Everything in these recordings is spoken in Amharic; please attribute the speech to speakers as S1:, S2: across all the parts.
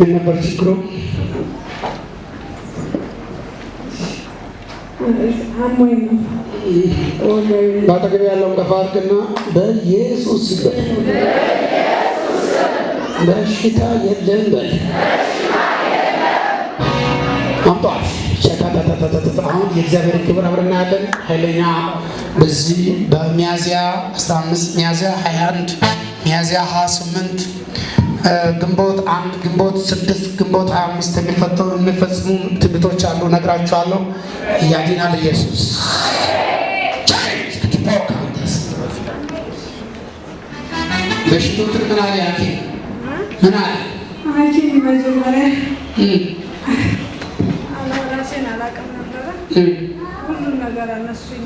S1: ምን ነበር ችግሩ? በአጠገብ ያለውን ከፍ በኢየሱስ በሽታ የለም በል። አምጧት። አሁን የእግዚአብሔር ክብር አብረን እናያለን። ኃይለኛ በዚህ በሚያዝያ 15 ሚያዝያ 21 ሚያዝያ 28 ግንቦት አንድ፣ ግንቦት ስድስት፣ ግንቦት ሀያ አምስት የሚፈጽሙ ትንቢቶች አሉ። ነግራችኋለሁ። ያድናል ኢየሱስ። በሽቱትን ምን አለ ያኬ ምን አለ
S2: መጀመሪያ ራሴን አላውቅም ነበረ። ሁሉም ነገር አነሱኝ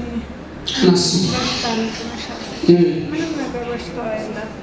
S2: ምንም ነገር በሽታ ያላት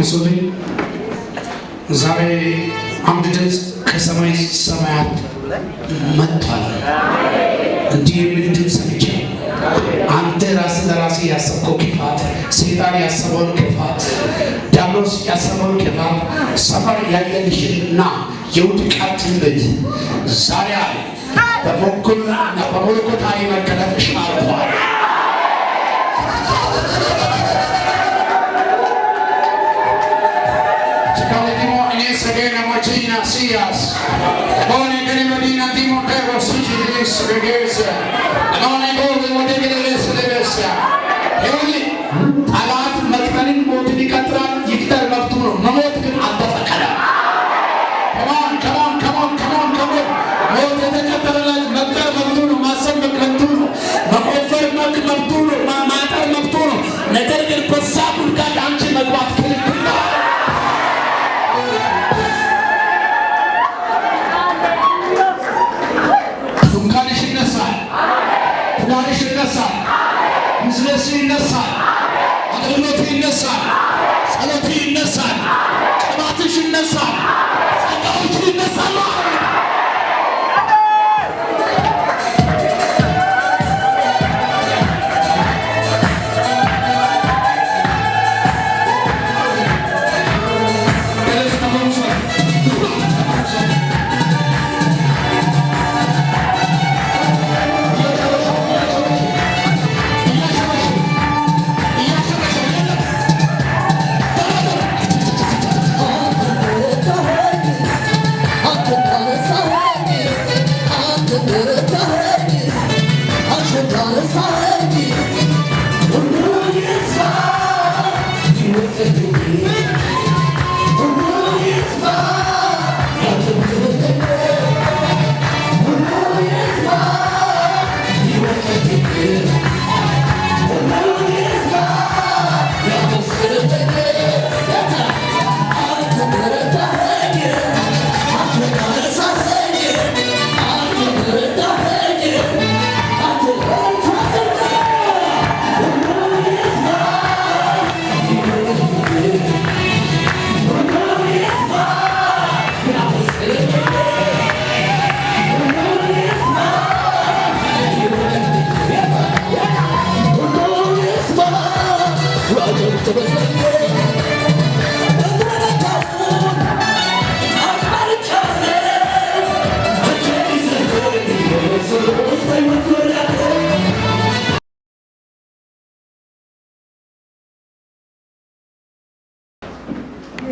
S1: እንጸልይ። ዛሬ አንድ ድምፅ ከሰማይ ሰማያት መጥቷል። እንዲህ የሚል ድምፅ ሰምቼ አንተ ራስ ለራስህ ያሰብከው ክፋት፣ ሴጣን ያሰበውን ክፋት፣ ዳሎስ ያሰበውን ክፋት ሰፈር ያየልሽና የውድቃት ትንቢት ዛሬ አለ በበኩልና በመለኮታዊ መገለጥሽ አልፏል። Garcias. Anointing Medina Timoteo, Suchi Denise Regresa. Anointing መዝነሱ ይነሳል። አገልግሎቱ ይነሳል። ጸሎቱ ይነሳል። ቅባትሽ ይነሳል። ጸጋዎቹ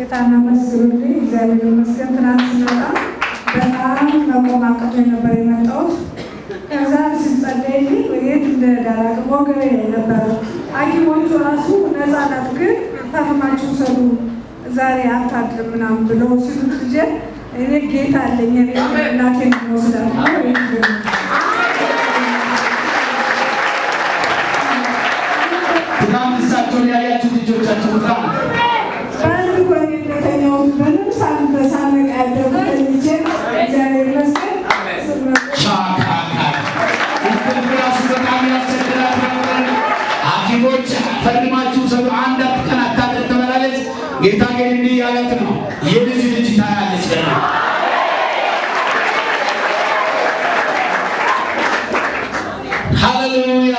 S2: ጌታና መስሉ እግዚአብሔር ይመስገን። ትናንት ስመጣ በጣም መቆም አቅቶ ነበር የመጣሁት። ከዛ ስንጸለይ የት እንደዳላቅ ወገሬ ነበረ። ሐኪሞቹ ራሱ ነፃ ናት ግን ታመማችሁ ሰሉ ዛሬ አታድርም ምናምን ብለው ሲሉት ልጄ እኔ ጌታ አለኝ እናቴን ወስዳት ትናንት
S1: እሳቸውን ያያችሁ ልጆቻችሁ ፈርማችሁ ሰው አንድ ቀን አታድር ተመላለች። ጌታ ግን እንዲህ ያለት ነው የልጅ ልጅ ታያለች። ገና ሃሌሉያ።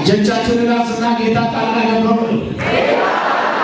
S1: እጆቻችሁን ራስና ጌታ ቃልና ገብረ